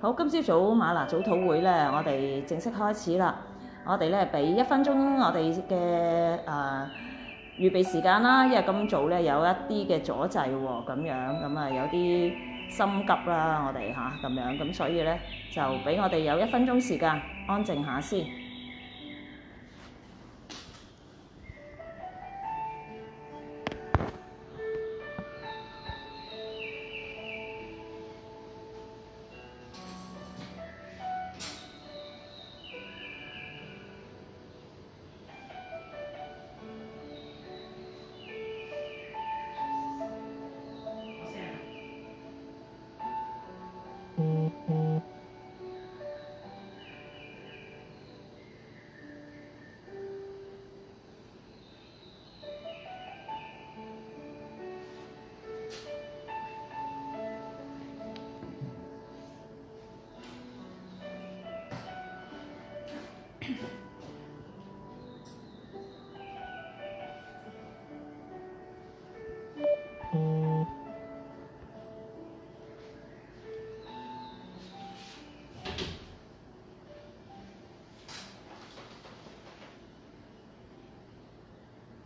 好，今朝早嗎哪早禱會咧，我哋正式開始啦。我哋咧俾一分鐘，我哋嘅誒預備時間啦。因為今早咧有一啲嘅阻滯喎、哦，咁樣咁啊有啲心急啦，我哋吓，咁、啊、樣，咁所以咧就俾我哋有一分鐘時間安靜下先。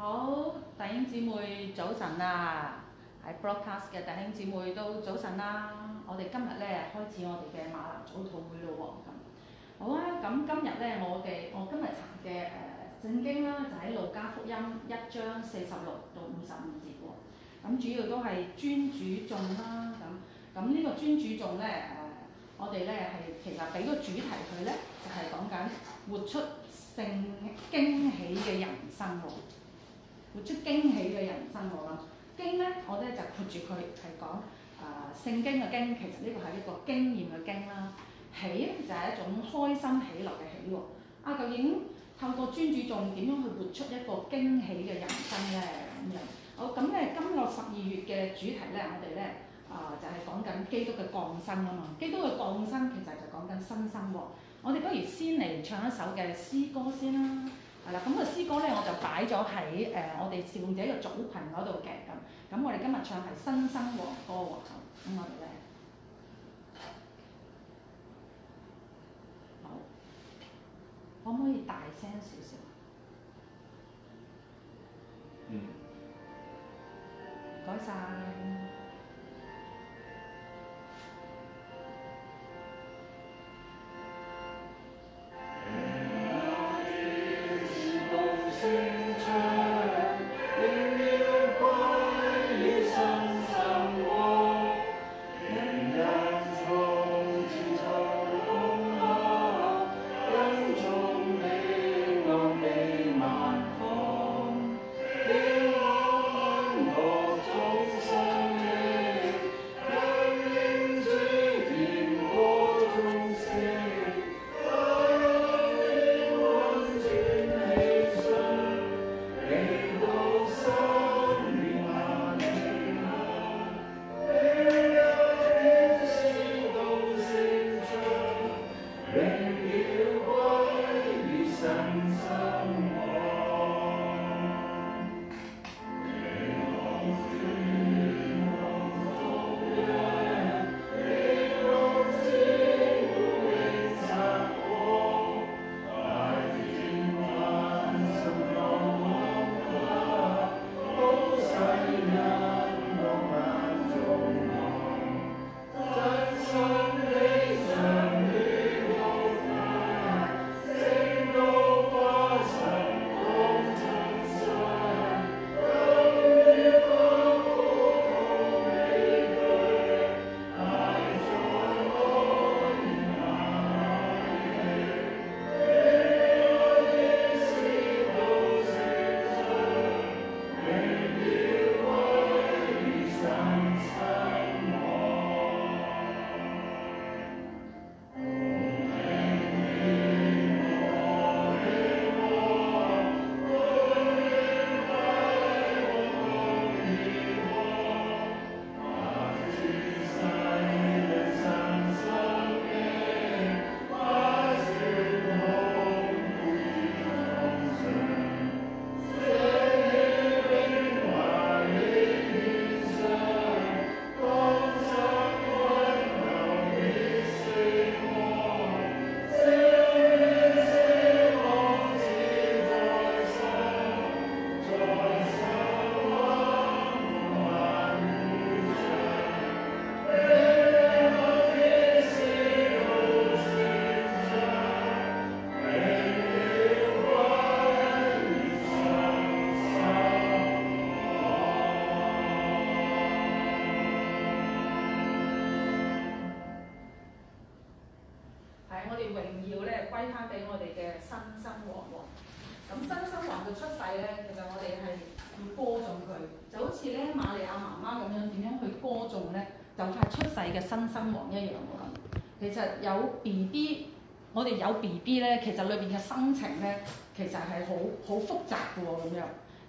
好，弟兄姊妹早晨啊！喺 broadcast 嘅弟兄姊妹都早晨啦。我哋今日咧開始我哋嘅嗎哪早禱會咯喎咁。好啊，咁今日咧我哋我今日查嘅誒聖經啦，就喺、是、路加福音一章四十六到五十五節喎。咁主要都係尊主頌啦咁。咁呢個尊主頌咧誒，我哋咧係其實俾個主題佢咧就係講緊活出聖驚喜嘅人生喎。活出驚喜嘅人生、啊、經我諗，經咧我咧就括住佢係講啊聖經嘅經，其實呢個係一個經驗嘅經啦。喜咧就係一種開心喜樂嘅喜喎。啊，究竟透過專注重點樣去活出一個驚喜嘅人生咧咁樣？好咁咧今個十二月嘅主題咧，我哋咧啊就係講緊基督嘅降生啊嘛。基督嘅降生其實就講緊新生喎、啊。我哋不如先嚟唱一首嘅詩歌先啦。啊。係啦，咁個詩歌咧我就擺咗喺誒我哋侍奉者嘅組群嗰度嘅咁，咁我哋今日唱係《新生王歌》喎，咁我哋咧，好，可唔可以大聲少少？嗯、mm，唔該、hmm. 晒。一樣我咁，其實有 B B，我哋有 B B 咧，其實裏邊嘅心情咧，其實係好好複雜嘅喎咁樣。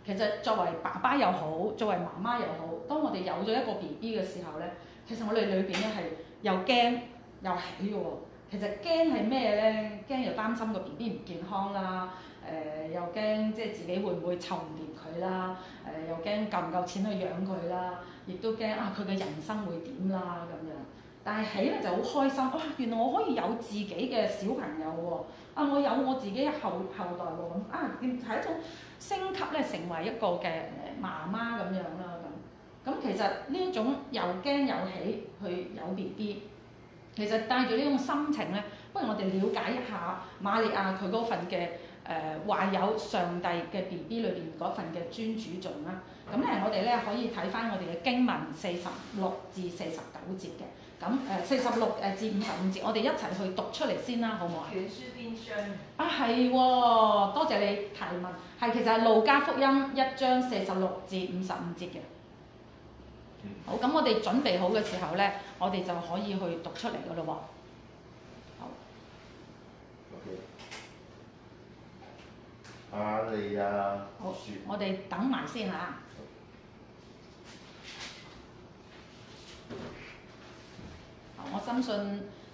其實作為爸爸又好，作為媽媽又好，當我哋有咗一個 B B 嘅時候咧，其實我哋裏邊咧係又驚又喜喎、哦。其實驚係咩咧？驚又擔心個 B B 唔健康啦，誒、呃、又驚即係自己會唔會湊唔掂佢啦，誒、呃、又驚夠唔夠錢去養佢啦，亦都驚啊佢嘅人生會點啦咁樣。但係起咧就好開心，哇、啊！原來我可以有自己嘅小朋友喎、啊，啊，我有我自己後後代喎咁啊，係、啊、一種升級咧，成為一個嘅誒媽媽咁樣啦。咁。咁其實呢一種又驚又喜去有 B B，其實帶住呢種心情咧，不如我哋了解一下瑪利亞佢嗰份嘅誒懷有上帝嘅 B B 裏邊嗰份嘅尊主頌啦。咁咧，我哋咧可以睇返我哋嘅經文四十六至四十九節嘅。咁誒四十六誒至五十五節，我哋一齊去讀出嚟先啦，好唔好全書書啊？卷書邊章？啊，係喎，多謝你提問。係，其實係路加福音一章四十六至五十五節嘅。節嗯、好，咁我哋準備好嘅時候咧，我哋就可以去讀出嚟嘅咯喎。好。O Okay . K 好。阿利啊！你啊好，書我哋等埋先嚇。Okay. 我深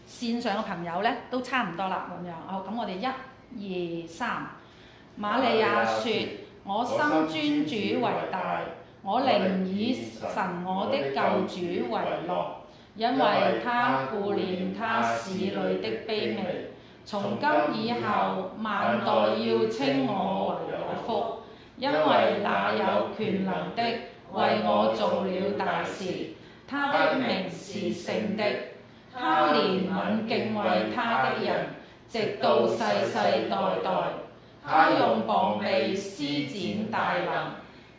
信線上嘅朋友咧都差唔多啦，咁樣哦，咁，我哋一二三，瑪利亞說我心尊主為大，我靈以神我的救主為樂，因為他顧念他使女的卑微，從今以後萬代要稱我為有福，因為那有權能的為我做了大事，他的名是聖的。他憐憫敬畏他的人，直到世世代代。他用膀臂施展大能，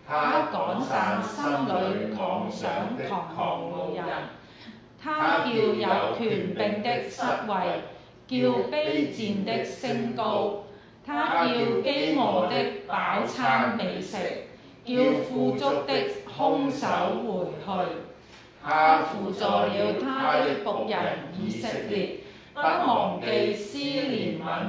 他趕散心裏，狂想狂傲人。他叫有權柄的失位，叫卑賤的升高。他叫飢餓的飽餐美食，叫富足的空手回去。他扶助了他的僕人以色列，不忘記施憐憫。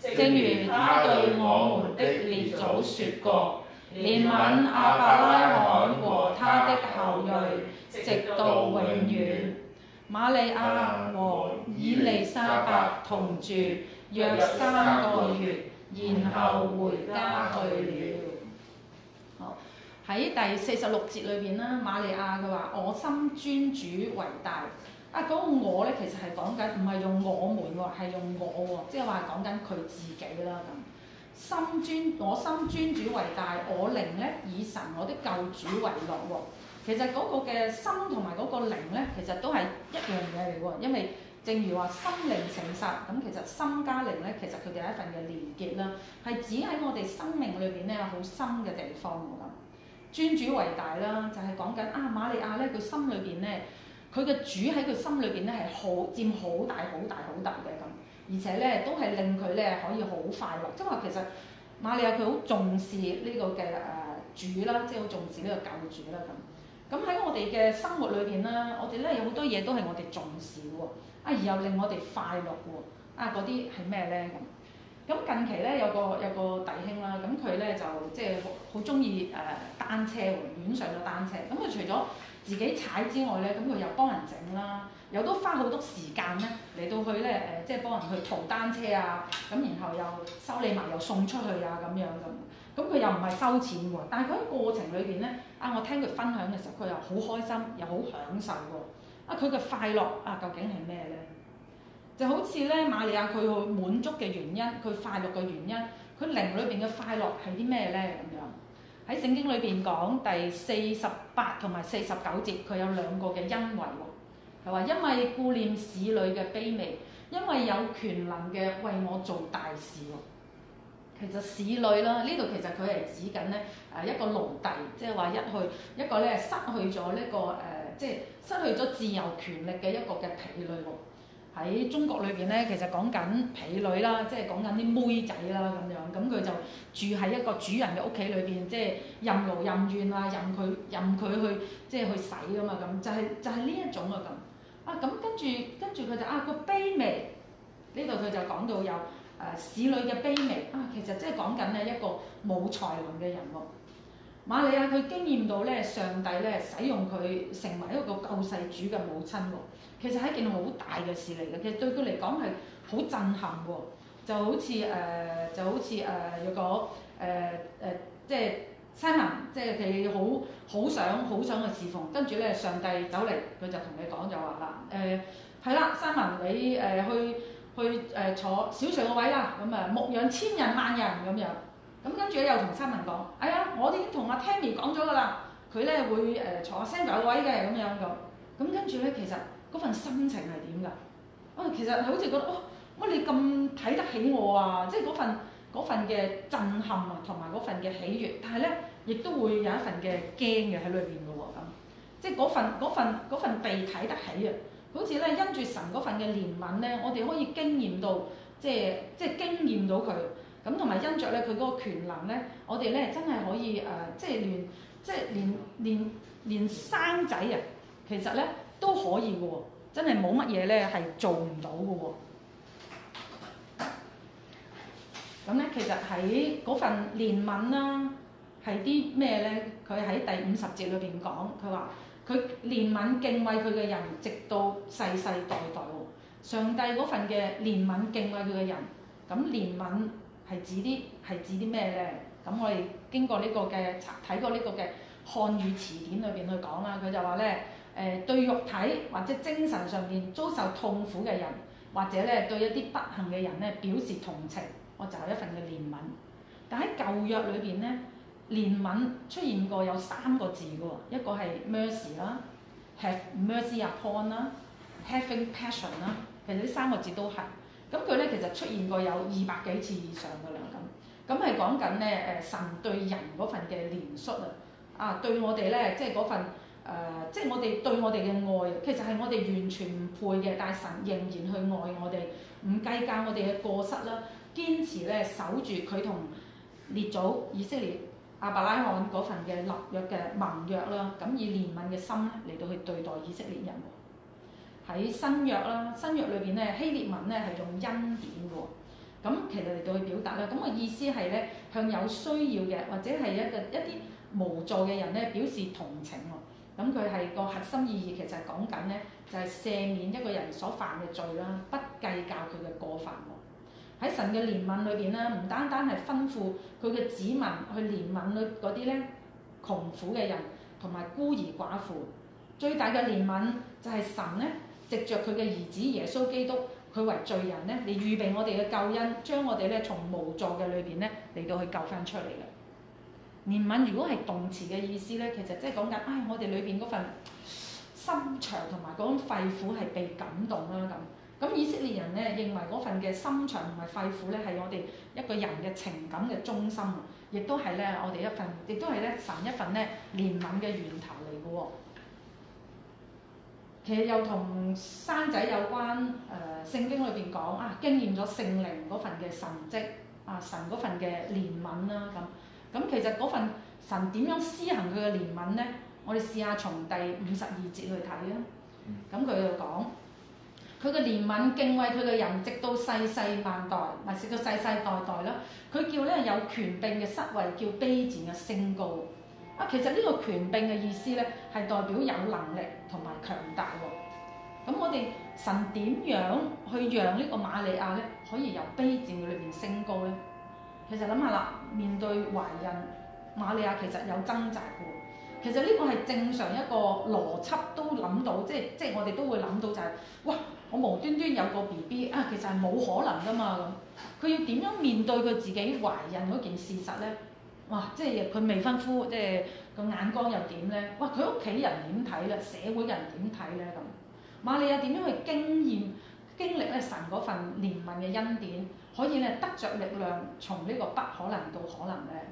正如他對我們的列祖說過：憐憫亞伯拉罕和他的後裔，直到永遠。瑪利亞和以利沙伯同住約三個月，然後回家去了。喺第四十六節裏邊啦，瑪利亞佢話：我心尊主為大。啊，嗰個我咧，其實係講緊唔係用我們喎，係用我喎，即係話講緊佢自己啦咁。心尊我心尊主為大，我靈咧以神我的救主為樂喎。其實嗰個嘅心同埋嗰個靈咧，其實都係一樣嘢嚟喎。因為正如話心靈誠實，咁其實心加靈咧，其實佢哋係一份嘅連結啦，係指喺我哋生命裏邊咧有好深嘅地方咁。尊主為大啦，就係講緊啊瑪利亞咧，佢心裏邊咧，佢嘅主喺佢心裏邊咧係好佔好大好大好大嘅咁，而且咧都係令佢咧可以好快樂，因為其實瑪利亞佢好重視呢、這個嘅誒、呃、主啦，即係好重視呢個救主啦咁。咁喺我哋嘅生活裏邊啦，我哋咧有好多嘢都係我哋重視喎，啊而又令我哋快樂喎，啊嗰啲係咩咧？咁近期咧有個有個弟兄啦，咁佢咧就即係好好鍾意誒單車喎，遠上咗單車。咁佢、嗯、除咗自己踩之外咧，咁、嗯、佢又幫人整啦，又都花好多時間咧嚟到去咧誒、呃，即係幫人去淘單車啊，咁然後又修理埋又送出去啊咁樣咁。咁、嗯、佢、嗯、又唔係收錢喎，但係佢喺過程裏邊咧，啊我聽佢分享嘅時候，佢又好開心又好享受喎。啊，佢嘅快樂啊，究竟係咩咧？就好似咧，瑪利亞佢去滿足嘅原因，佢快樂嘅原因，佢靈裏邊嘅快樂係啲咩咧？咁樣喺聖經裏邊講第四十八同埋四十九節，佢有兩個嘅因為喎，係話因為顧念使女嘅卑微，因為有權能嘅為我做大事喎。其實使女啦，呢度其實佢係指緊咧，誒一個奴隸，就是這個呃，即係話一去一個咧失去咗呢個誒，即係失去咗自由權力嘅一個嘅婢女喺中國裏邊咧，其實講緊婢女啦，即係講緊啲妹仔啦咁樣，咁佢就住喺一個主人嘅屋企裏邊，即係任勞任怨任任啊，任佢任佢去即係去洗啊嘛咁，就係就係呢一種啊咁。啊咁跟住跟住佢就啊個卑微，呢度佢就講到有誒使、呃、女嘅卑微啊，其實即係講緊咧一個冇才能嘅人物。瑪利亞佢經驗到咧，上帝咧使用佢成為一個救世主嘅母親喎，其實係件好大嘅事嚟嘅，其實對佢嚟講係好震撼喎，就好似誒、呃、就好似誒有個誒誒即係西文，即係佢好好想好想去侍奉，跟住咧上帝走嚟，佢就同你講就話啦誒係啦，西、呃、文你誒、呃、去去誒、呃、坐小上個位啦，咁啊牧養千人萬人咁樣。咁跟住咧又同三文講，哎呀，我哋已經同阿 Tammy 講咗噶啦，佢咧會誒、呃、坐我 s e 位嘅咁樣講。咁跟住咧其實嗰份心情係點噶？啊、哦，其實好似覺得哦，乜你咁睇得起我啊，即係嗰份份嘅震撼啊，同埋嗰份嘅喜悅，但係咧亦都會有一份嘅驚嘅喺裏邊咯喎，咁即係嗰份份份被睇得起啊，好似咧因住神嗰份嘅憐憫咧，我哋可以經驗到，即係即係經驗到佢。咁同埋因着咧，佢嗰個權能咧，我哋咧真係可以誒、呃，即係連即係連連連生仔啊！其實咧都可以嘅喎，真係冇乜嘢咧係做唔到嘅喎。咁咧，其實喺嗰份憐憫啦，係啲咩咧？佢喺第五十節裏邊講，佢話佢憐憫敬畏佢嘅人，直到世世代代喎。上帝嗰份嘅憐憫敬畏佢嘅人，咁憐憫。係指啲係指啲咩咧？咁我哋經過，個過個呢個嘅查睇過呢個嘅漢語詞典裏邊去講啦。佢就話咧誒，對肉體或者精神上邊遭受痛苦嘅人，或者咧對一啲不幸嘅人咧表示同情，我就有一份嘅憐憫。但喺舊約裏邊咧，憐憫出現過有三個字嘅喎，一個係 mercy 啦，have mercy upon 啦，having passion 啦，其實呢三個字都係。咁佢咧其實出現過有二百幾次以上嘅啦，咁咁係講緊咧誒神對人嗰份嘅憐恤啊，啊對我哋咧即係嗰份誒，即、呃、係、就是、我哋對我哋嘅愛，其實係我哋完全唔配嘅，但係神仍然去愛我哋，唔計較我哋嘅過失啦，堅持咧守住佢同列祖以色列亞伯拉罕嗰份嘅立約嘅盟約啦，咁、啊、以憐憫嘅心嚟到去對待以色列人。喺新約啦，新約裏邊咧，希列文咧係用恩典嘅喎。咁其實嚟到去表達咧，咁嘅意思係咧，向有需要嘅或者係一個一啲無助嘅人咧表示同情喎。咁佢係個核心意義其實係講緊咧，就係赦免一個人所犯嘅罪啦，不計較佢嘅過犯喎。喺神嘅憐憫裏邊咧，唔單單係吩咐佢嘅子民去憐憫嗰啲咧窮苦嘅人同埋孤兒寡婦，最大嘅憐憫就係神咧。藉着佢嘅兒子耶穌基督，佢為罪人咧，嚟預備我哋嘅救恩，將我哋咧從無助嘅裏邊咧嚟到去救翻出嚟啦。憐憫如果係動詞嘅意思咧，其實即係講緊唉，我哋裏邊嗰份心腸同埋嗰種肺腑係被感動啦咁。咁以色列人咧認為嗰份嘅心腸同埋肺腑咧係我哋一個人嘅情感嘅中心，亦都係咧我哋一份，亦都係咧神一份咧憐憫嘅源頭嚟嘅喎。其實又同生仔有關，誒、呃、聖經裏邊講啊，經驗咗聖靈嗰份嘅神蹟，啊神嗰份嘅憐憫啦咁，咁其實嗰份神點樣施行佢嘅憐憫咧？我哋試下從第五十二節去睇啊，咁佢就講，佢嘅憐憫敬畏佢嘅人，直到世世萬代，或、啊、者到世世代代啦，佢叫咧有權柄嘅失位叫卑賤嘅升高，啊其實呢個權柄嘅意思咧係代表有能力。同埋強大喎，咁我哋神點樣去讓呢個瑪利亞咧，可以由卑賤裏面升高咧？其實諗下啦，面對懷孕，瑪利亞其實有掙扎嘅。其實呢個係正常一個邏輯都諗到，即係即係我哋都會諗到就係、是，哇！我無端端有個 B B 啊，其實係冇可能噶嘛咁。佢要點樣面對佢自己懷孕嗰件事實咧？哇！即係佢未婚夫，即係個眼光又點咧？哇！佢屋企人點睇咧？社會人點睇咧？咁瑪利亞點樣去經驗經歷咧神嗰份憐憫嘅恩典，可以咧得着力量，從呢個不可能到可能咧。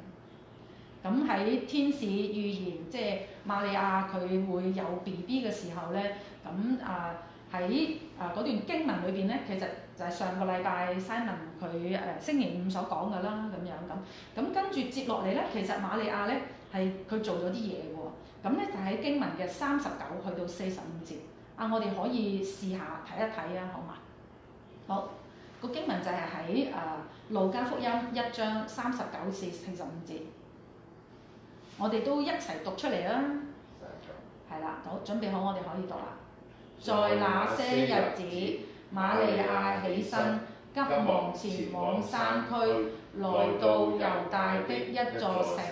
咁喺天使預言，即係瑪利亞佢會有 BB 嘅時候咧，咁啊。喺啊嗰段經文裏邊咧，其實就係上個禮拜 Simon 佢誒、呃、星期五所講嘅啦，咁樣咁咁跟住接落嚟咧，其實瑪利亞咧係佢做咗啲嘢嘅喎。咁、哦、咧就喺經文嘅三十九去到四十五節。啊，我哋可以試下睇一睇啊，好嘛？好，個經文就係喺誒路加福音一章三十九至四十五節。我哋都一齊讀出嚟啦。係啦，好，準備好我哋可以讀啦。在那些日子，瑪利亞起身，急忙前往山區，來到猶大的一座城，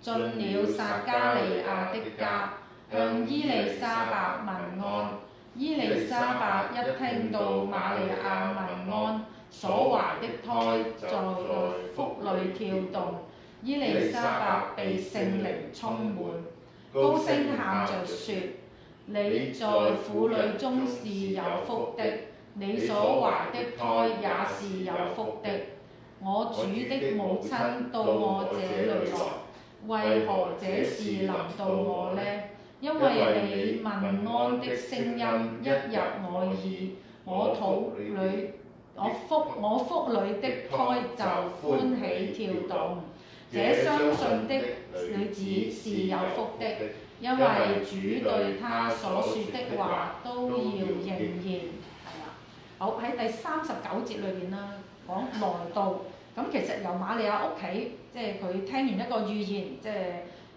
進了撒加利亞的家，向伊麗莎白問安。伊麗莎白一聽到瑪利亞問安，所懷的胎在個腹裏跳動。伊麗莎白被聖靈充滿，高聲喊着說。你在婦女中是有福的，你所懷的胎也是有福的。我主的母親到我這裏來，為何這事能到我呢？因為你問安的聲音一入我耳，我肚裏我腹我腹裏的胎就歡喜跳動。這相信的女子是有福的。因為主對他所說的話都要應驗，係啦。好，喺第三十九節裏邊啦，講來到咁，其實由瑪利亞屋企，即係佢聽完一個預言，即係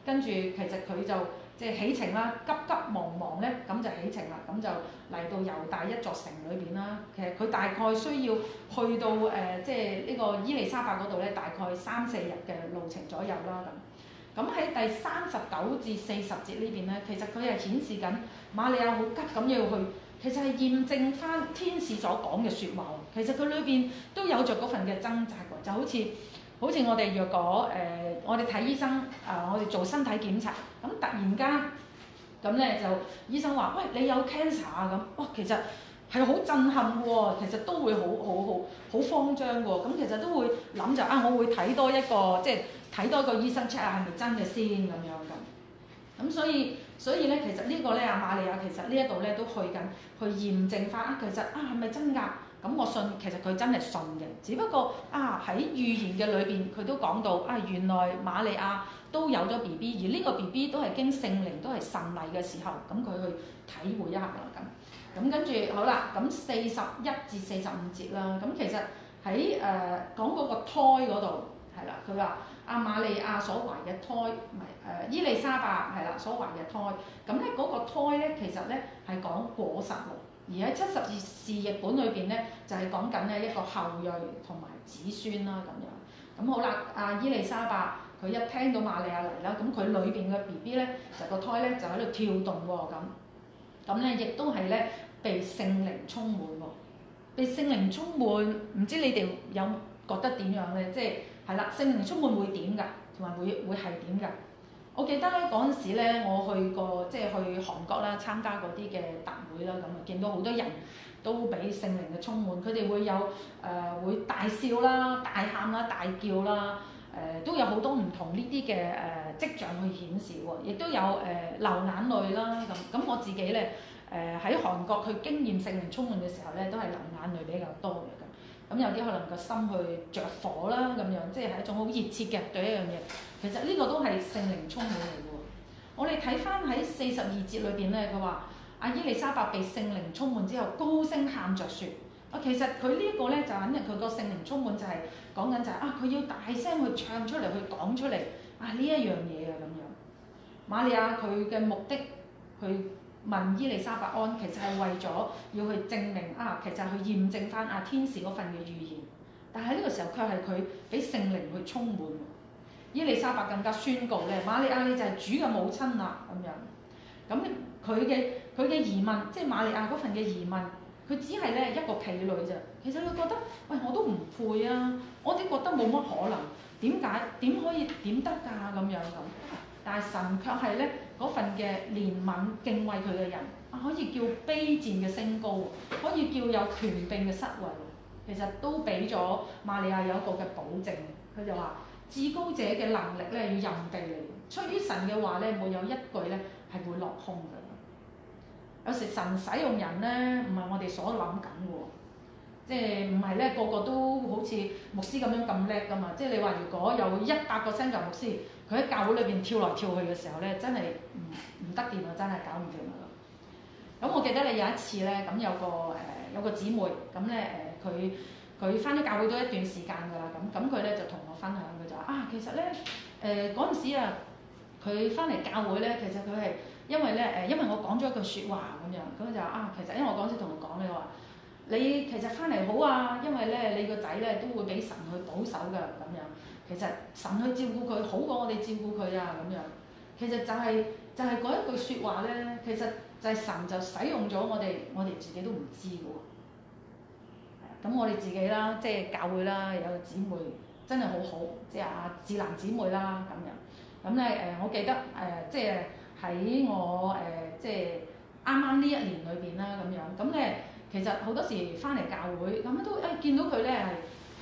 跟住其實佢就即係起程啦，急急忙忙咧，咁就起程啦，咁就嚟到猶大一座城裏邊啦。其實佢大概需要去到誒即係呢個伊利沙伯嗰度咧，大概三四日嘅路程左右啦咁。咁喺第三十九至四十節呢邊咧，其實佢係顯示緊瑪利亞好急咁要去，其實係驗證返天使所講嘅説話。其實佢裏邊都有着嗰份嘅掙扎嘅，就好似好似我哋若果誒、呃，我哋睇醫生啊、呃，我哋做身體檢查，咁突然間咁咧就醫生話：喂，你有 cancer 啊咁，哇、哦，其實係好震撼喎，其實都會好好好好慌張喎，咁其實都會諗就啊，我會睇多一個即係。就是睇多一個醫生 check 下係咪真嘅先咁樣咁咁，所以所以咧，其實個呢個咧，阿瑪利亞其實呢一度咧都去緊去驗證翻，其實啊係咪真㗎？咁我信其實佢真係信嘅，只不過啊喺預言嘅裏邊，佢都講到啊，原來瑪利亞都有咗 B B，而呢個 B B 都係經聖靈都係神嚟嘅時候，咁佢去體會一下啦。咁咁跟住好啦，咁四十一至四十五節啦。咁其實喺誒講嗰個胎嗰度係啦，佢話。阿瑪、啊、利亞所懷嘅胎，唔係誒，伊麗莎白係啦，所懷嘅胎，咁咧嗰個胎咧，其實咧係講果實喎，而喺七十士譯本裏邊咧，就係、是、講緊咧一個後裔同埋子孫啦、啊、咁樣。咁、嗯、好啦，阿、啊、伊麗莎白佢一聽到瑪利亞嚟啦，咁佢裏邊嘅 B B 咧，就個胎咧就喺度跳動喎，咁，咁咧亦都係咧被聖靈充滿喎，被聖靈充滿，唔知你哋有覺得點樣咧？即係。係啦，聖靈充滿會點㗎？同埋會會係點㗎？我記得嗰陣時咧，我去過即係去韓國啦，參加嗰啲嘅特會啦，咁、嗯、啊見到好多人都俾聖靈嘅充滿，佢哋會有誒、呃、會大笑啦、大喊啦、大叫啦，誒、呃、都有好多唔同呢啲嘅誒跡象去顯示喎，亦都有誒、呃、流眼淚啦咁。咁、嗯、我自己咧誒喺韓國佢經驗聖靈充滿嘅時候咧，都係流眼淚比較多嘅。咁有啲可能個心去着火啦，咁樣即係係一種好熱切嘅對一樣嘢。其實呢個都係聖靈充滿嚟嘅喎。我哋睇翻喺四十二節裏邊咧，佢話阿伊麗莎白被聖靈充滿之後，高聲喊着説、就是：啊，其實佢呢個咧就肯定佢個聖靈充滿就係講緊就係啊，佢要大聲去唱出嚟，去講出嚟啊呢一樣嘢啊咁樣。瑪利亞佢嘅目的，佢。問伊麗莎白安，其實係為咗要去證明啊，其實去驗證翻阿、啊、天使嗰份嘅預言，但係呢個時候卻係佢俾聖靈去充滿。伊麗莎白更加宣告咧，瑪利亞咧就係主嘅母親啦咁樣。咁佢嘅佢嘅疑問，即係瑪利亞嗰份嘅疑問，佢只係咧一個婢女咋。其實佢覺得，喂我都唔配啊，我只覺得冇乜可能。點解點可以點得㗎咁樣咁？但係神卻係咧。嗰份嘅憐憫，敬畏佢嘅人，啊，可以叫卑賤嘅升高，可以叫有權柄嘅失位，其實都俾咗瑪利亞有一個嘅保證。佢就話：至高者嘅能力咧，要任地嚟。出於神嘅話咧，冇有一句咧係會落空㗎。有時神使用人咧，唔係我哋所諗緊㗎喎，即係唔係咧個個都好似牧師咁樣咁叻㗎嘛？即係你話如果有一百個聖教牧師。佢喺教會裏邊跳來跳去嘅時候咧，真係唔唔得掂啊！真係搞唔掂啊！咁我記得你有一次咧，咁有個誒、呃、有個姊妹，咁咧誒佢佢翻咗教會都一段時間㗎啦，咁咁佢咧就同我分享，佢就話啊，其實咧誒嗰陣時啊，佢翻嚟教會咧，其實佢係因為咧誒，因為我講咗一句説話咁樣，咁就話啊，其實因為我嗰時同佢講咧，我話你其實翻嚟好啊，因為咧你個仔咧都會俾神去保守㗎咁樣。其實神去照顧佢好過我哋照顧佢啊咁樣，其實就係、是、就係、是、嗰一句説話咧，其實就係神就使用咗我哋，我哋自己都唔知嘅喎。咁我哋自己啦，即係教會啦，有個姊妹真係好好，即係阿智男姊妹啦咁樣。咁咧誒，我記得誒、呃，即係喺我誒、呃，即係啱啱呢一年裏邊啦咁樣。咁咧其實好多時翻嚟教會咁樣都誒、啊，見到佢咧係。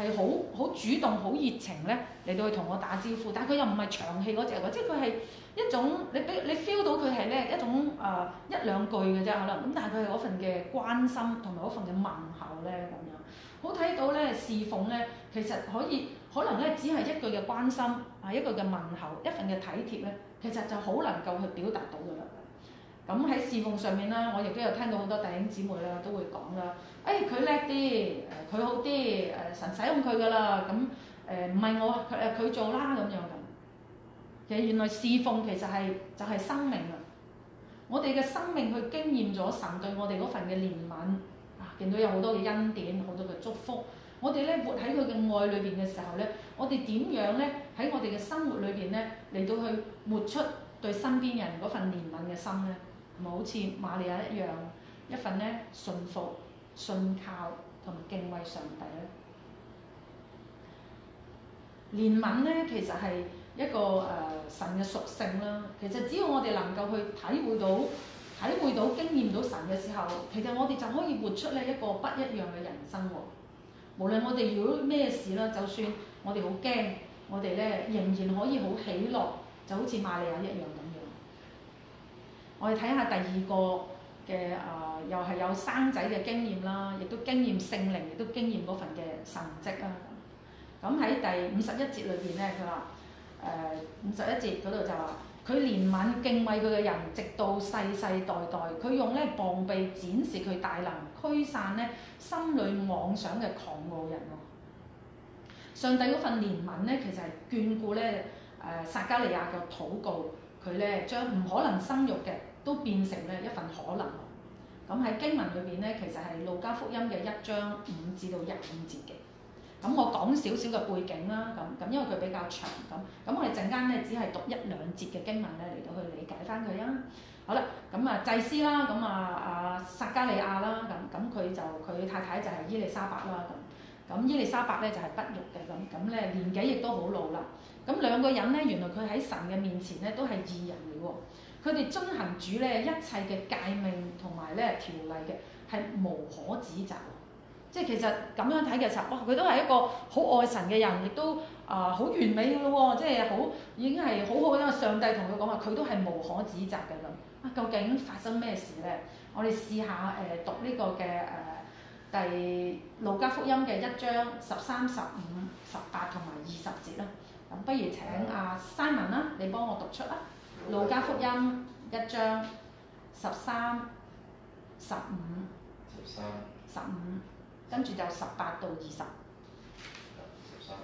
係好好主動、好熱情咧，嚟到去同我打招呼，但係佢又唔係長氣嗰隻喎，即係佢係一種你俾你 feel 到佢係咧一種誒、呃、一兩句嘅啫可能，咁但係佢係嗰份嘅關心同埋嗰份嘅問候咧咁樣，好睇到咧侍奉咧其實可以可能咧只係一句嘅關心啊，一句嘅問候，一份嘅體貼咧，其實就好能夠去表達到噶啦。咁喺侍奉上面啦，我亦都有聽到好多弟兄姊妹啦，都會講啦。誒、哎，佢叻啲，佢好啲，誒神使用佢噶啦。咁誒唔係我佢誒佢做啦咁樣嘅。其實原來侍奉其實係就係、是、生命啊！我哋嘅生命去經驗咗神對我哋嗰份嘅憐憫，啊，見到有好多嘅恩典，好多嘅祝福。我哋咧活喺佢嘅愛裏邊嘅時候咧，我哋點樣咧喺我哋嘅生活裏邊咧嚟到去活出對身邊人嗰份憐憫嘅心咧？冇好似瑪利亞一樣一份咧信服、信靠同敬畏上帝咧。憐憫咧其實係一個誒、呃、神嘅屬性啦。其實只要我哋能夠去體會到、體會到、經驗到神嘅時候，其實我哋就可以活出咧一個不一樣嘅人生。無論我哋遇到咩事啦，就算我哋好驚，我哋咧仍然可以好喜樂，就好似瑪利亞一樣。我哋睇下第二個嘅啊、呃，又係有生仔嘅經驗啦，亦都經驗聖靈，亦都經驗嗰份嘅神蹟啊。咁喺第五十一節裏邊咧，佢話誒五十一節嗰度就話，佢憐憫敬畏佢嘅人，直到世世代代，佢用咧膀臂展示佢大能驅呢，驅散咧心裡妄想嘅狂傲人喎。上帝嗰份憐憫咧，其實係眷顧咧誒撒迦利亞嘅禱告，佢咧將唔可能生育嘅。都變成咧一份可能。咁喺經文裏邊咧，其實係路加福音嘅一章五至到廿五節嘅。咁我講少少嘅背景啦。咁咁因為佢比較長，咁咁我哋陣間咧只係讀一兩節嘅經文咧嚟到去理解返佢啊。好啦，咁啊祭司啦，咁啊啊撒迦利亞啦，咁咁佢就佢太太就係伊利沙伯啦。咁咁伊利沙伯咧就係、是、不育嘅，咁咁咧年紀亦都好老啦。咁兩個人咧，原來佢喺神嘅面前咧都係義人嚟、啊、喎。佢哋遵行主咧一切嘅戒命同埋咧條例嘅係無可指責，即係其實咁樣睇嘅時候，哇！佢都係一個好愛神嘅人，亦都啊好、呃、完美嘅咯喎，即係好已經係好好，因為上帝同佢講話，佢都係無可指責嘅啦。啊，究竟發生咩事咧？我哋試下誒讀呢個嘅誒、呃、第路加福音嘅一章十三十五、十八同埋二十節啦。咁不如請阿、啊、Simon 啦，你幫我讀出啦。《路加福音》一章十三、十五、十三、十五，跟住三就十八到二十。十三。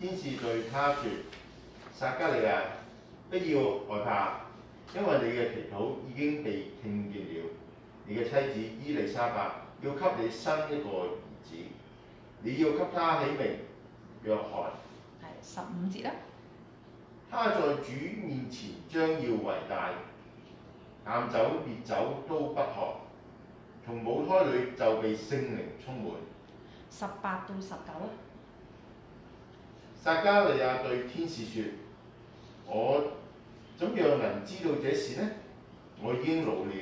天使對他説：撒加利亞，不要害怕，因為你嘅祈禱已經被聽見了。你嘅妻子伊麗莎白要給你生一個兒子，你要給他起名約翰。係十五節啦。他在主面前將要為大，淡酒烈酒都不喝，從母胎裏就被聖靈充滿。十八到十九，撒迦利亞對天使説：我怎樣能知道這事呢？我已經老了，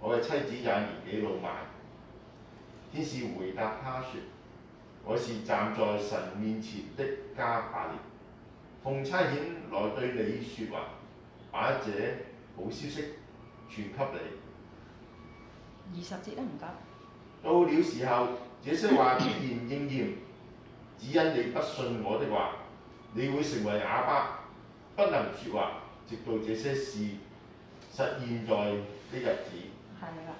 我嘅妻子也年紀老邁。天使回答他説：我是站在神面前的加百列。奉差遣來對你説話，把這好消息傳給你。二十節都唔夠。到了時候，這些話必然應驗，只因你不信我的話，你會成為啞巴，不能説話。直到這些事實現在的日子。係啦，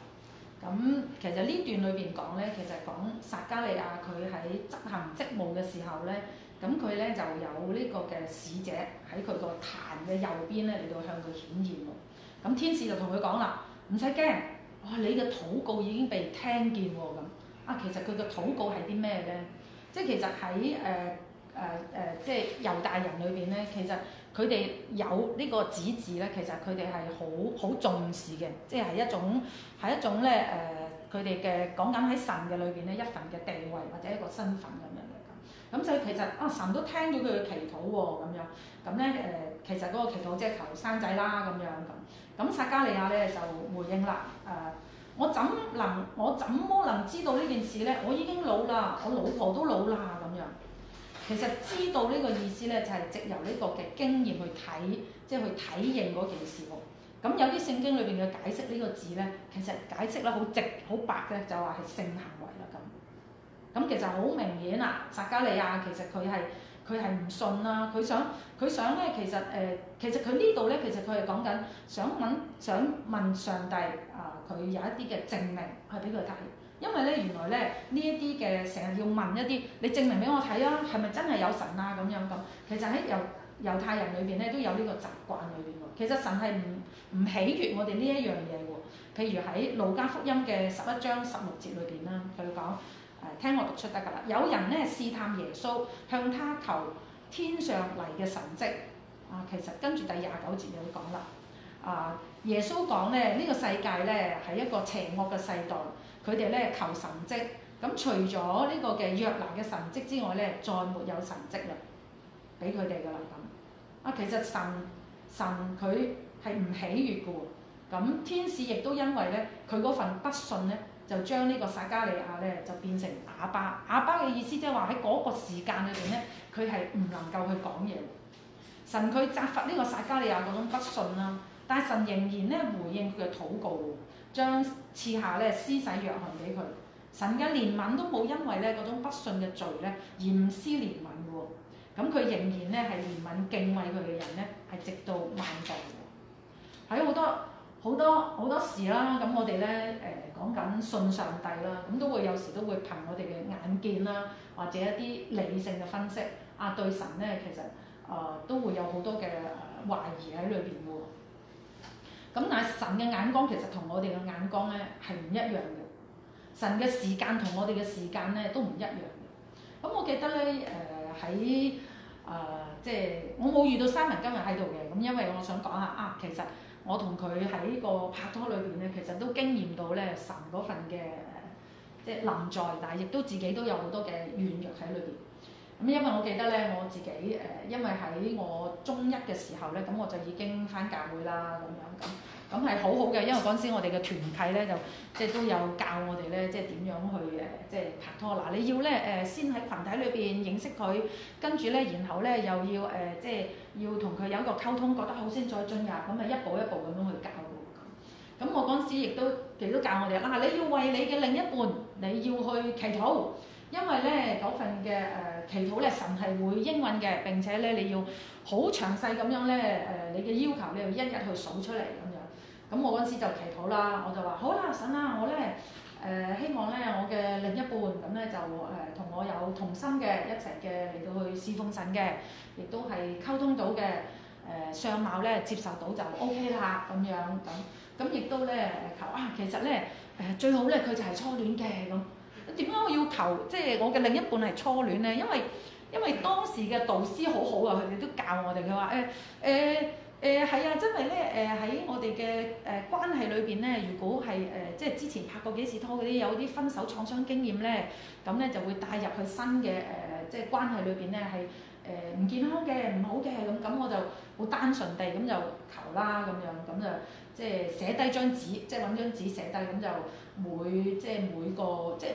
咁其實段裡面呢段裏邊講咧，其實講撒加利亞佢喺執行職務嘅時候咧。咁佢咧就有呢個嘅使者喺佢個壇嘅右邊咧嚟到向佢顯現喎。咁天使就同佢講啦，唔使驚，哇、哦！你嘅禱告已經被聽見喎咁。啊，其實佢嘅禱告係啲咩咧？即係其實喺誒誒誒，即係猶大人裏邊咧，其實佢哋有個呢個子嗣咧，其實佢哋係好好重視嘅，即係係一種係一種咧誒，佢哋嘅講緊喺神嘅裏邊咧一份嘅地位或者一個身份。咁所以其實啊神都聽咗佢嘅祈禱喎、哦，咁樣咁咧誒，其實嗰個祈禱即係求生仔啦，咁樣咁。咁撒加利亞咧就回應啦，誒、呃，我怎能我怎麼能知道呢件事咧？我已經老啦，我老婆都老啦，咁樣。其實知道呢個意思咧，就係、是、藉由呢個嘅經驗去睇，即、就、係、是、去體認嗰件事喎。咁有啲聖經裏邊嘅解釋呢個字咧，其實解釋咧好直好白嘅，就話係性行為。咁其實好明顯啦，撒迦利亞其實佢係佢係唔信啦、啊，佢想佢想咧，其實誒、呃，其實佢呢度咧，其實佢係講緊想問想問上帝啊，佢、呃、有一啲嘅證明去俾佢睇，因為咧原來咧呢一啲嘅成日要問一啲，你證明俾我睇啊，係咪真係有神啊咁樣咁。其實喺猶猶太人裏邊咧都有呢個習慣裏邊喎。其實神係唔唔喜悅我哋呢一樣嘢喎。譬如喺路加福音嘅十一章十六節裏邊啦，佢講。誒聽我讀出得㗎啦！有人咧試探耶穌，向他求天上嚟嘅神跡。啊，其實跟住第廿九節會講啦。啊，耶穌講咧呢、這個世界咧係一個邪惡嘅世代，佢哋咧求神跡。咁、啊、除咗呢個嘅約拿嘅神跡之外咧，再沒有神跡啦，俾佢哋㗎啦咁。啊，其實神神佢係唔喜悅嘅喎。咁、啊、天使亦都因為咧佢嗰份不信咧。就將呢個撒迦利亞咧，就變成啞巴。啞巴嘅意思即係話喺嗰個時間裏邊咧，佢係唔能夠去講嘢。神佢責罰呢個撒迦利亞嗰種不信啦、啊，但係神仍然咧回應佢嘅禱告，將賜下咧施洗約翰俾佢。神嘅憐憫都冇因為咧嗰種不信嘅罪咧而唔施憐憫嘅喎。咁佢仍然咧係憐憫敬畏佢嘅人咧係直到萬代喎。喺、哎、好多。好多好多事啦，咁、啊、我哋咧誒講緊信上帝啦，咁、啊、都會有時都會憑我哋嘅眼見啦，或者一啲理性嘅分析，啊，對神咧其實啊都會有好多嘅懷疑喺裏邊嘅。咁、啊、但係神嘅眼光其實同我哋嘅眼光咧係唔一樣嘅，神嘅時間同我哋嘅時間咧都唔一樣嘅。咁、啊、我記得咧誒喺啊即係我冇遇到三文今日喺度嘅，咁、啊、因為我想講下啊其實。我同佢喺個拍拖裏邊咧，其實都經驗到咧神嗰份嘅即係臨在，但係亦都自己都有好多嘅軟弱喺裏邊。咁、嗯、因為我記得咧，我自己誒、呃，因為喺我中一嘅時候咧，咁、嗯、我就已經返教會啦，咁樣咁。嗯嗯咁係好好嘅，因為嗰陣時我哋嘅團契咧就即係都有教我哋咧，即係點樣去誒，即係拍拖嗱。你要咧誒、呃、先喺群體裏邊認識佢，跟住咧，然後咧又要誒、呃、即係要同佢有一個溝通，覺得好先再進入咁啊，一步一步咁樣去教嘅喎。咁我嗰陣時亦都亦都教我哋啊，嗱你要為你嘅另一半你要去祈禱，因為咧嗰份嘅誒、呃、祈禱咧神係會應允嘅，並且咧你要好詳細咁樣咧誒、呃、你嘅要求你要一一去數出嚟咁。咁我嗰陣時就祈禱啦，我就話好啦，神啊，我咧誒、呃、希望咧我嘅另一半咁咧就誒同、呃、我有同心嘅一齊嘅嚟到去侍奉神嘅，亦都係溝通到嘅誒、呃、相貌咧接受到就 OK 啦咁樣咁咁亦都咧求啊，其實咧誒、呃、最好咧佢就係初戀嘅咁。點解我要求即係、就是、我嘅另一半係初戀咧？因為因為當時嘅導師好好啊，佢哋都教我哋，佢話誒誒。誒誒誒誒誒係、呃、啊，因為咧誒喺我哋嘅誒關係裏邊咧，如果係誒、呃、即係之前拍過幾次拖嗰啲有啲分手創傷經驗咧，咁咧就會帶入去新嘅誒、呃、即係關係裏邊咧係誒唔健康嘅唔好嘅，咁咁我就好單純地咁就求啦咁樣，咁就即係寫低張紙，即係揾張紙寫低，咁就每即係每個即係誒。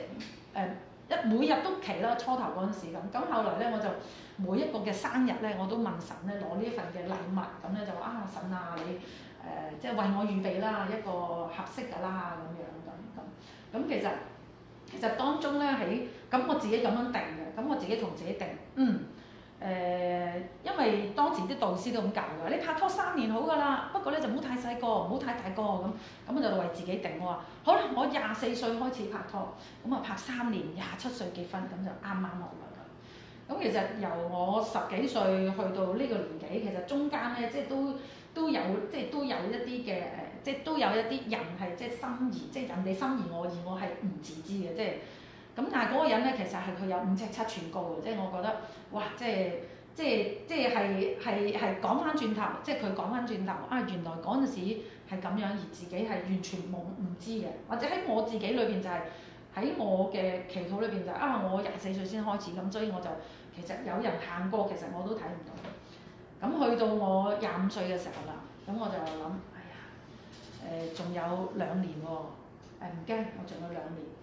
呃一每日都祈啦，初頭嗰陣時咁，咁後來咧我就每一個嘅生日咧，我都問神咧攞呢一份嘅禮物，咁咧就話啊，神啊你誒、呃、即係為我預備啦一個合適㗎啦咁樣，咁咁咁其實其實當中咧喺咁我自己咁樣定嘅，咁我自己同自己定嗯。誒、呃，因為當時啲導師都咁教㗎，你拍拖三年好㗎啦，不過咧就唔好太細個，唔好太大個咁，咁我就為自己定，我話，好啦，我廿四歲開始拍拖，咁啊拍三年，廿七歲結婚，咁就啱啱好啦。咁其實由我十幾歲去到呢個年紀，其實中間咧即係都都有即係都有一啲嘅誒，即係都有一啲人係即係心儀，即係人哋心儀我而我係唔自知嘅，即係。咁但係嗰個人咧，其實係佢有五尺七寸高嘅，即係我覺得，哇！即係即係即係係係係講翻轉頭，即係佢講翻轉頭啊！原來嗰陣時係咁樣，而自己係完全冇唔知嘅，或者喺我自己裏邊就係、是、喺我嘅祈禱裏邊就係、是、啊，我廿四歲先開始，咁所以我就其實有人行過，其實我都睇唔到。咁去到我廿五歲嘅時候啦，咁我就諗，哎呀，誒、呃、仲有兩年喎、哦，唔、啊、驚，我仲有兩年。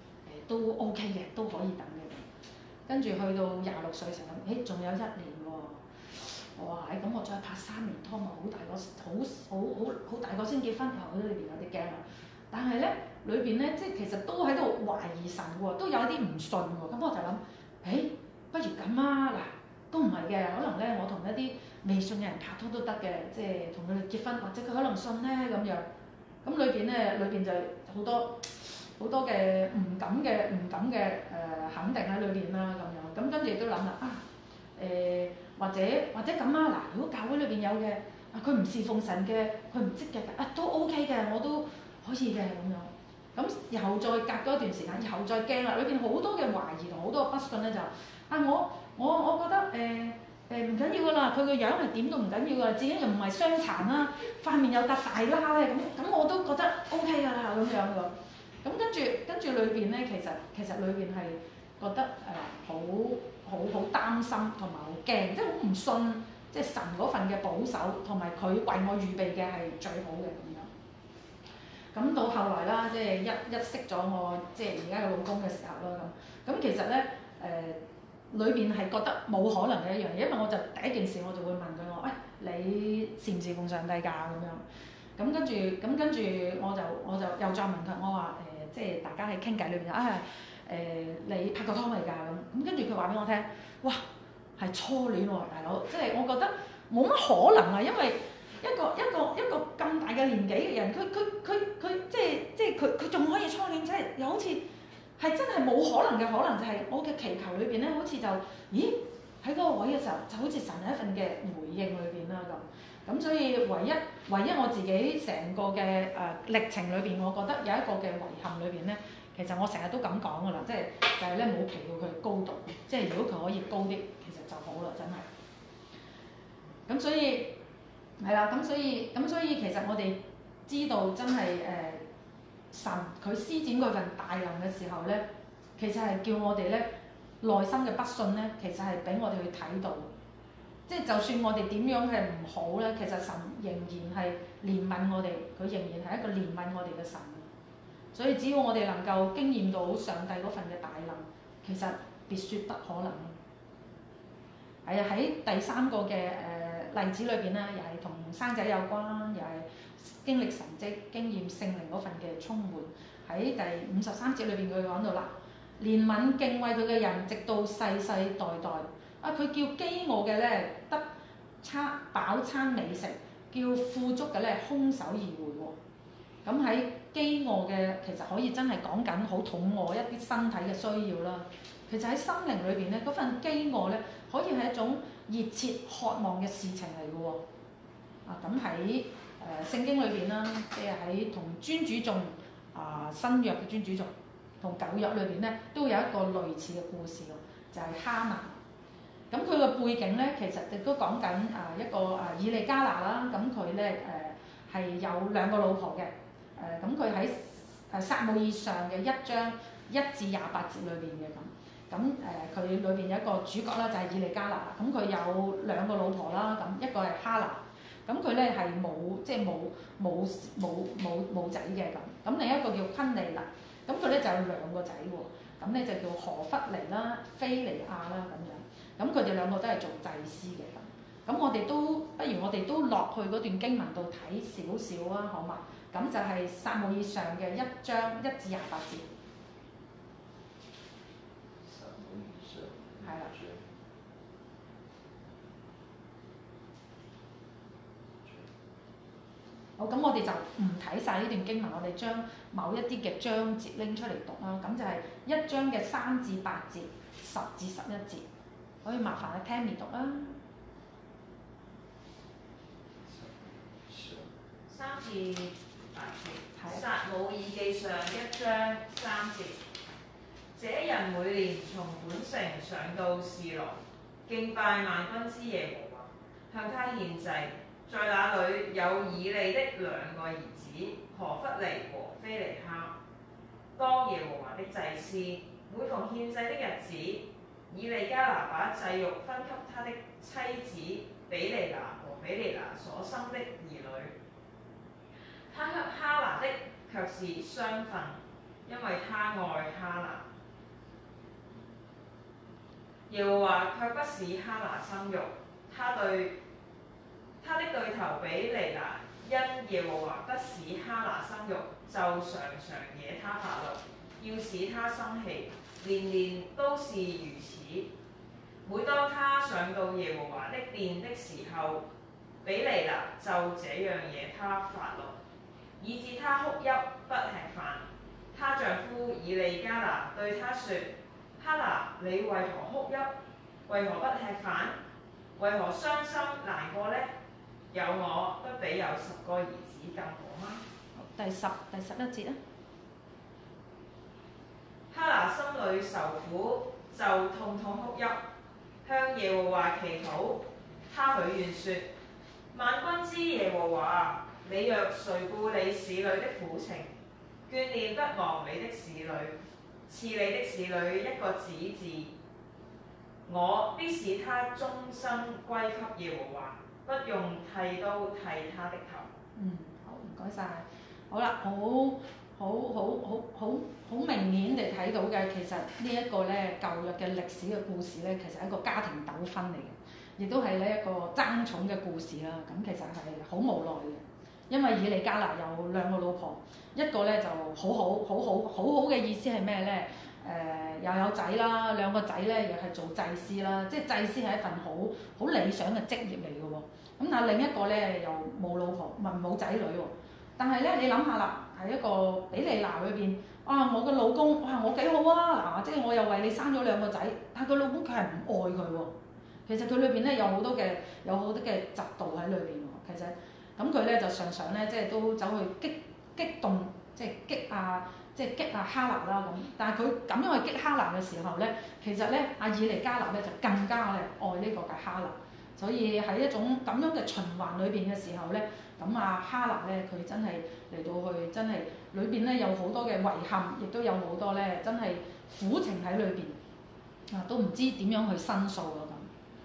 都 OK 嘅，都可以等嘅。跟住去到廿六歲時候，誒仲、欸、有一年喎、啊，我話咁，我再拍三年拖，我好大個，好好好好大個先結婚，頭喺裏邊有啲驚啊。但係咧裏邊咧，即係其實都喺度懷疑神喎、啊，都有啲唔信喎、啊。咁我就諗，誒、欸、不如咁啊，嗱都唔係嘅，可能咧我同一啲未信嘅人拍拖都得嘅，即係同佢哋結婚，或者佢可能信咧咁樣。咁裏邊咧，裏邊就好多。好多嘅唔敢嘅，唔敢嘅誒肯定喺裏邊啦咁樣，咁跟住亦都諗啦啊誒、呃、或者或者咁啊嗱，如果教會裏邊有嘅，啊佢唔侍奉神嘅，佢唔積極嘅啊都 O K 嘅，我都可以嘅咁樣，咁、啊、又再隔多一段時間，又再驚啦，裏邊好多嘅懷疑同好多嘅不信任咧就啊我我我覺得誒誒唔緊要噶啦，佢、呃、個、呃呃、樣係點都唔緊要噶，自己又唔係傷殘啦，塊面又笪大瘌咧咁咁我都覺得 O K 噶啦咁樣㗎。 咁跟住，跟住裏邊咧，其實其實裏邊係覺得誒好好好擔心，同埋好驚，即係好唔信即係神嗰份嘅保守，同埋佢為我預備嘅係最好嘅咁樣。咁到後來啦，即係一一識咗我即係而家嘅老公嘅時候啦，咁咁其實咧誒裏邊係覺得冇可能嘅一樣嘢，因為我就第一件事我就會問佢我喂你是唔是奉上帝教咁樣？咁跟住咁跟住我就我就，我就又再問佢我話誒。哎即係大家喺傾偈裏邊就啊誒，你拍過拖未㗎？咁咁跟住佢話俾我聽，哇，係初戀喎，啊，大佬！即係我覺得冇乜可能啊，因為一個一個一個咁大嘅年紀嘅人，佢佢佢佢即係即係佢佢仲可以初戀，即係又好似係真係冇可能嘅可能，就係，是，我嘅祈求裏邊咧，好似就咦喺嗰個位嘅時候，就好似神有一份嘅回應裏邊啦咁。咁所以唯一唯一我自己成個嘅誒，歷程裏邊我覺得有一個嘅遺憾裏邊咧，其實我成日都咁講噶啦，即係就係咧，冇企到佢嘅高度，即係如果佢可以高啲，其實就好啦，真係。咁所以係啦，咁所以咁所以其實我哋知道真係誒、呃、神佢施展佢份大能嘅時候咧，其實係叫我哋咧內心嘅不信咧，其實係俾我哋去睇到。即係就算我哋點樣係唔好咧，其實神仍然係憐憫我哋，佢仍然係一個憐憫我哋嘅神。所以只要我哋能夠經驗到上帝嗰份嘅大能，其實別説不可能。係啊，喺第三個嘅誒例子裏邊咧，又係同生仔有關，又係經歷神蹟、經驗聖靈嗰份嘅充滿。喺第五十三節裏邊佢講到啦，憐憫敬畏佢嘅人，直到世世代代，代。啊！佢叫飢餓嘅咧，得餐飽餐美食；叫富足嘅咧，空手而回喎。咁喺飢餓嘅，其實可以真係講緊好肚餓一啲身體嘅需要啦。其實喺心靈裏邊咧，嗰份飢餓咧，可以係一種熱切渴望嘅事情嚟嘅喎。啊！咁喺誒聖經裏邊啦，即係喺同尊主頌啊新約嘅尊主頌同舊約裏邊咧，都有一個類似嘅故事，就係哈拿。咁佢個背景咧，其實亦都講緊啊一個啊以利加拿啦。咁佢咧誒係有兩個老婆嘅誒。咁佢喺誒撒母耳上嘅一章一至廿八節裏邊嘅咁。咁誒佢裏邊有一個主角啦，就係、是、以利加拿。咁佢有兩個老婆啦。咁一個係哈拿，咁佢咧係冇即係冇冇冇冇冇仔嘅咁。咁另一個叫昆利拿，咁佢咧就是、有兩個仔喎。咁咧就叫何弗尼啦、菲尼亞啦咁樣。咁佢哋兩個都係做祭司嘅，咁我哋都不如我哋都落去嗰段經文度睇少少啊，好嘛？咁就係撒母耳上嘅一章一至廿八節。係啦。的好，咁我哋就唔睇晒呢段經文，我哋將某一啲嘅章節拎出嚟讀啦。咁就係一章嘅三至八節，十至十一節。可以麻煩阿 Tammy 讀啊。三字，係撒母耳記上一章三節。這人每年從本城上到示羅，敬拜萬軍之耶和華，向他獻祭。在那裡有以利的兩個兒子何弗尼和非尼哈當耶和華的祭司，每逢獻祭的日子。以利加拿把祭肉分給他的妻子比利拿和比利拿所生的兒女，他給哈拿的卻是雙份，因為他愛哈拿。耶和華卻不使哈拿生育，他對他的對頭比利拿因耶和華不使哈拿生育，就常常惹他發怒，要使他生氣，年年都是如此。每當他上到耶和華的殿的時候，比利拿就這樣惹他發怒，以致他哭泣不吃飯。她丈夫以利加拿對他說：哈拿，你為何哭泣？為何不吃飯？為何傷心難過呢？有我不比有十個兒子更好嗎？第十、第十一節呢，哈拿心裏受苦。就痛痛哭泣，向耶和華祈禱。他許願說：萬軍之耶和華，你若垂顧你使女的苦情，眷念不忘你的使女，賜你的使女一個子字，我必使他終生歸給耶和華，不用剃刀剃他的頭。嗯，好，唔該晒，好啦，好。好好好好好，明顯地睇到嘅，其實呢一個咧舊約嘅歷史嘅故事咧，其實係一個家庭糾紛嚟嘅，亦都係呢一個爭寵嘅故事啦。咁其實係好無奈嘅，因為以利加拿有兩個老婆，一個咧就好好好好好好嘅意思係咩咧？誒、呃、又有仔啦，兩個仔咧又係做祭司啦，即係祭司係一份好好理想嘅職業嚟嘅喎。咁但另一個咧又冇老婆，唔係冇仔女喎。但係咧你諗下啦。係一個比利娜裏邊，啊，我個老公，哇，我幾好啊！嗱，即係我又為你生咗兩個仔，但係佢老公佢係唔愛佢喎。其實佢裏邊咧有好多嘅有好多嘅嫉妒喺裏邊喎。其實咁佢咧就常常咧即係都走去激激動，即係激啊，即係激啊哈拿啦咁。但係佢咁樣去激哈拿嘅時候咧，其實咧阿以利加拿咧就更加咧愛呢個嘅哈拿。所以喺一種咁樣嘅循環裏邊嘅時候咧，咁阿哈拿咧佢真係嚟到去真係裏邊咧有好多嘅遺憾，亦都有好多咧真係苦情喺裏邊啊，都唔知點樣去申訴咯咁。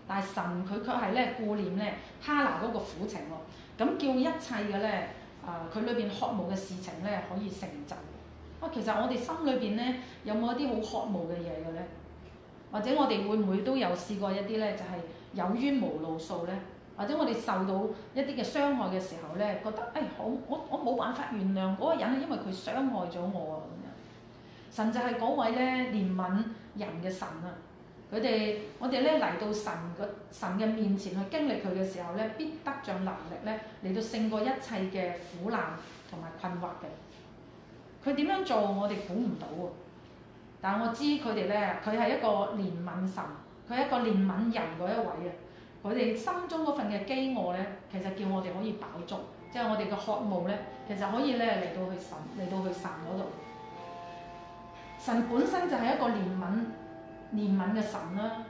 但係神佢卻係咧顧念咧哈拿嗰個苦情喎，咁叫一切嘅咧啊佢裏邊渴慕嘅事情咧可以成就。啊，其實我哋心裏邊咧有冇一啲好渴慕嘅嘢嘅咧？或者我哋會唔會都有試過一啲咧，就係、是、有冤無路訴咧？或者我哋受到一啲嘅傷害嘅時候咧，覺得誒好、哎，我我冇辦法原諒嗰個人，因為佢傷害咗我啊咁樣。神就係嗰位咧憐憫人嘅神啊！佢哋我哋咧嚟到神嘅神嘅面前去經歷佢嘅時候咧，必得著能力咧嚟到勝過一切嘅苦難同埋困惑嘅。佢點樣做，我哋估唔到啊。但我知佢哋咧，佢係一個憐憫神，佢係一個憐憫人嗰一位啊。佢哋心中嗰份嘅飢餓咧，其實叫我哋可以飽足，即係我哋嘅渴慕咧，其實可以咧嚟到去神嚟到去神嗰度。神本身就係一個憐憫憐憫嘅神啦，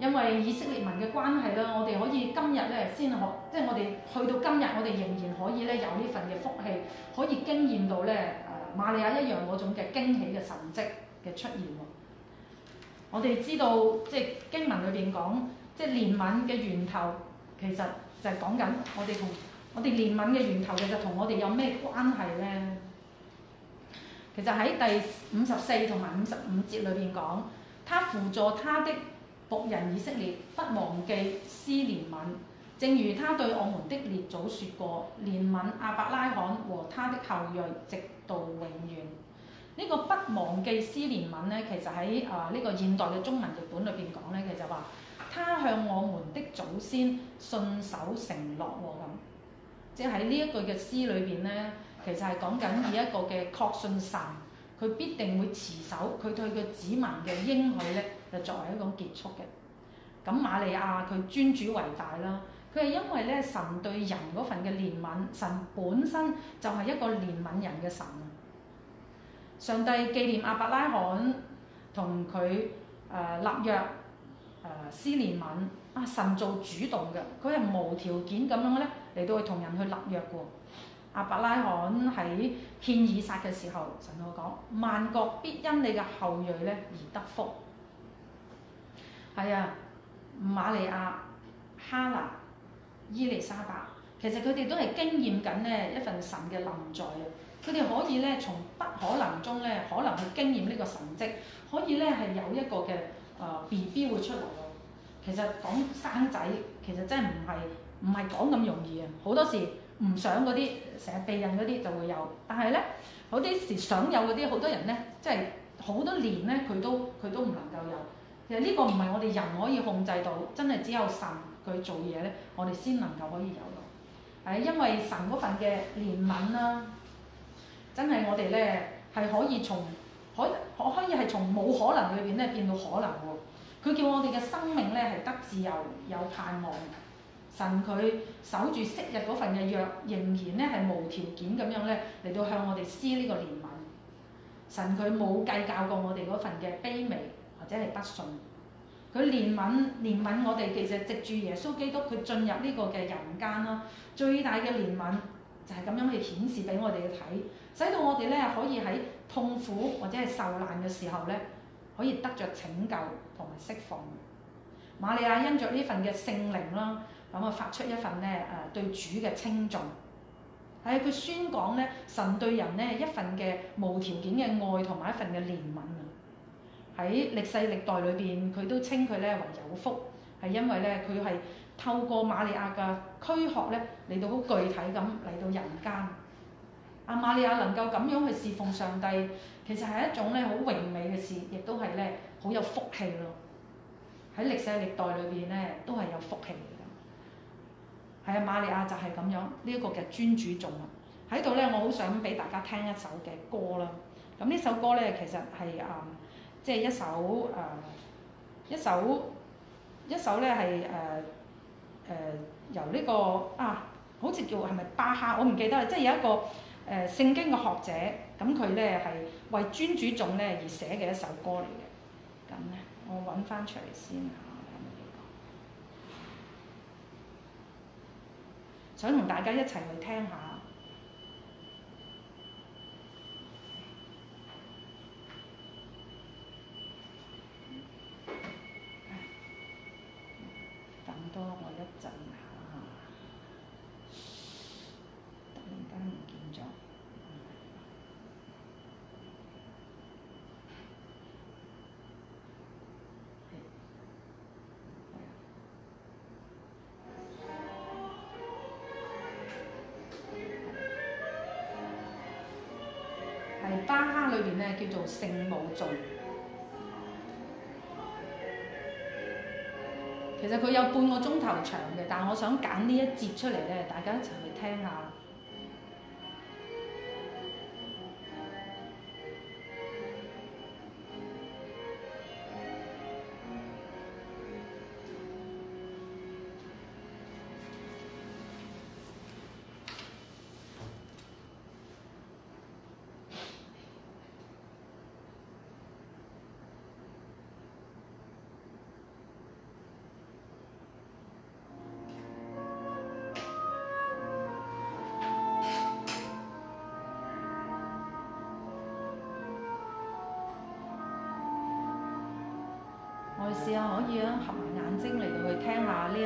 因為以色列民嘅關係啦，我哋可以今日咧先學即係我哋去到今日，我哋仍然可以咧有呢份嘅福氣，可以經驗到咧誒瑪利亞一樣嗰種嘅驚喜嘅神跡嘅出現，我哋知道即係、就是、經文裏邊講，即、就、係、是、憐憫嘅源頭，其實就係講緊我哋同我哋憐憫嘅源頭，其實同我哋有咩關係呢？其實喺第五十四同埋五十五節裏邊講，他扶助他的僕人以色列，不忘記施憐憫，正如他對我們的列祖説過，憐憫亞伯拉罕和他的後裔，直到永遠。呢個不忘記施憐憫咧，其實喺啊呢、這個現代嘅中文譯本裏邊講咧，其實話他向我們的祖先信守承諾喎咁，即係喺呢一句嘅詩裏邊咧，其實係講緊以一個嘅確信神，佢必定會持守佢對佢子民嘅應許咧，就作為一種結束嘅。咁瑪利亞佢尊主為大啦，佢係因為咧神對人嗰份嘅憐憫，神本身就係一個憐憫人嘅神。上帝紀念阿伯拉罕同佢誒立約誒施憐憫。啊神做主動嘅，佢係無條件咁樣咧嚟到去同人去立約嘅。阿伯拉罕喺獻以撒嘅時候，神同我講：萬國必因你嘅後裔咧而得福。係啊，瑪利亞、哈拿、伊麗莎白，其實佢哋都係經驗緊呢一份神嘅臨在啊！佢哋可以咧，從不可能中咧，可能去經驗呢個神蹟，可以咧係有一個嘅啊 B B 會出嚟咯。其實講生仔，其實真係唔係唔係講咁容易啊！好多時唔想嗰啲成日避孕嗰啲就會有，但係咧有啲時想有嗰啲，好多人咧即係好多年咧，佢都佢都唔能夠有。其實呢個唔係我哋人可以控制到，真係只有神佢做嘢咧，我哋先能夠可以有。誒、哎，因為神嗰份嘅憐憫啦、啊。真係，我哋咧係可以從可可可以係從冇可能裏邊咧變到可能喎。佢叫我哋嘅生命咧係得自由、有盼望。神佢守住昔日嗰份嘅約，仍然咧係無條件咁樣咧嚟到向我哋施呢個憐憫。神佢冇計較過我哋嗰份嘅卑微或者係不信。佢憐憫憐憫我哋，其實藉住耶穌基督佢進入呢個嘅人間啦，最大嘅憐憫就係咁樣去顯示俾我哋嘅睇。使到我哋咧可以喺痛苦或者係受難嘅時候咧，可以得着拯救同埋釋放。瑪利亞因着呢份嘅聖靈啦，咁啊發出一份咧誒對主嘅稱頌。喺佢宣講咧神對人咧一份嘅無條件嘅愛同埋一份嘅憐憫啊！喺歷世歷代裏邊，佢都稱佢咧為有福，係因為咧佢係透過瑪利亞嘅軀殼咧嚟到好具體咁嚟到人間。阿瑪利亞能夠咁樣去侍奉上帝，其實係一種咧好榮美嘅事，亦都係咧好有福氣咯。喺歷世歷代裏邊咧，都係有福氣嚟㗎。係阿瑪利亞就係咁樣、這個、呢一個嘅專主眾尊主頌喺度咧。我好想俾大家聽一首嘅歌啦。咁呢首歌咧，其實係啊，即、呃、係、就是、一首啊、呃，一首一首咧係誒誒由呢、這個啊，好似叫係咪巴哈？我唔記得啦，即、就、係、是、有一個。聖經嘅學者，咁佢咧係為尊主頌咧而寫嘅一首歌嚟嘅，咁咧我揾翻出嚟先啊，想同大家一齊去聽下。巴哈裏邊咧叫做《聖母頌》，其實佢有半個鐘頭長嘅，但係我想揀呢一節出嚟咧，大家一齊去聽下。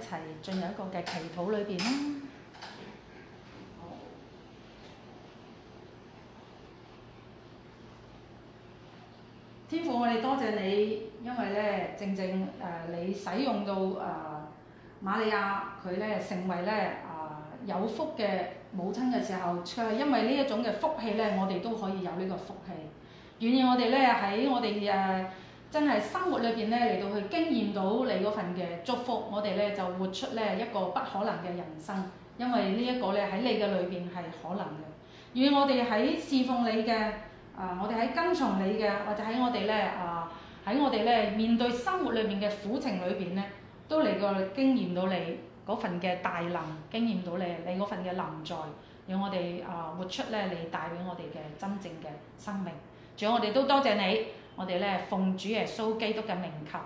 一齊進入一個嘅祈禱裏邊啦！天父，我哋多謝，謝你，因為咧正正誒、呃、你使用到誒瑪、呃、利亞佢咧成為咧啊、呃、有福嘅母親嘅時候，佢因為呢一種嘅福氣咧，我哋都可以有呢個福氣。願意我哋咧喺我哋誒。呃真係生活裏邊咧嚟到去經驗到你嗰份嘅祝福，我哋咧就活出咧一個不可能嘅人生，因為呢一個咧喺你嘅裏邊係可能嘅。願我哋喺侍奉你嘅，啊、呃，我哋喺跟從你嘅，或者喺我哋咧啊，喺、呃、我哋咧面對生活裏面嘅苦情裏邊咧，都嚟個經驗到你嗰份嘅大能，經驗到你你嗰份嘅臨在，讓我哋啊、呃、活出咧你帶俾我哋嘅真正嘅生命。仲有我哋都多謝你。我哋咧奉主耶穌基督嘅名求，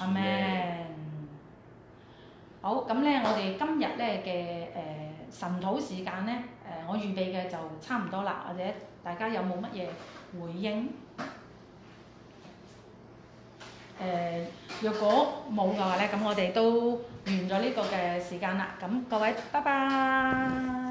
阿門。好，咁咧我哋今日咧嘅誒神土時間咧誒，我預備嘅就差唔多啦，或者大家有冇乜嘢回應？誒，若果冇嘅話咧，咁我哋都完咗呢個嘅時間啦。咁各位，拜拜。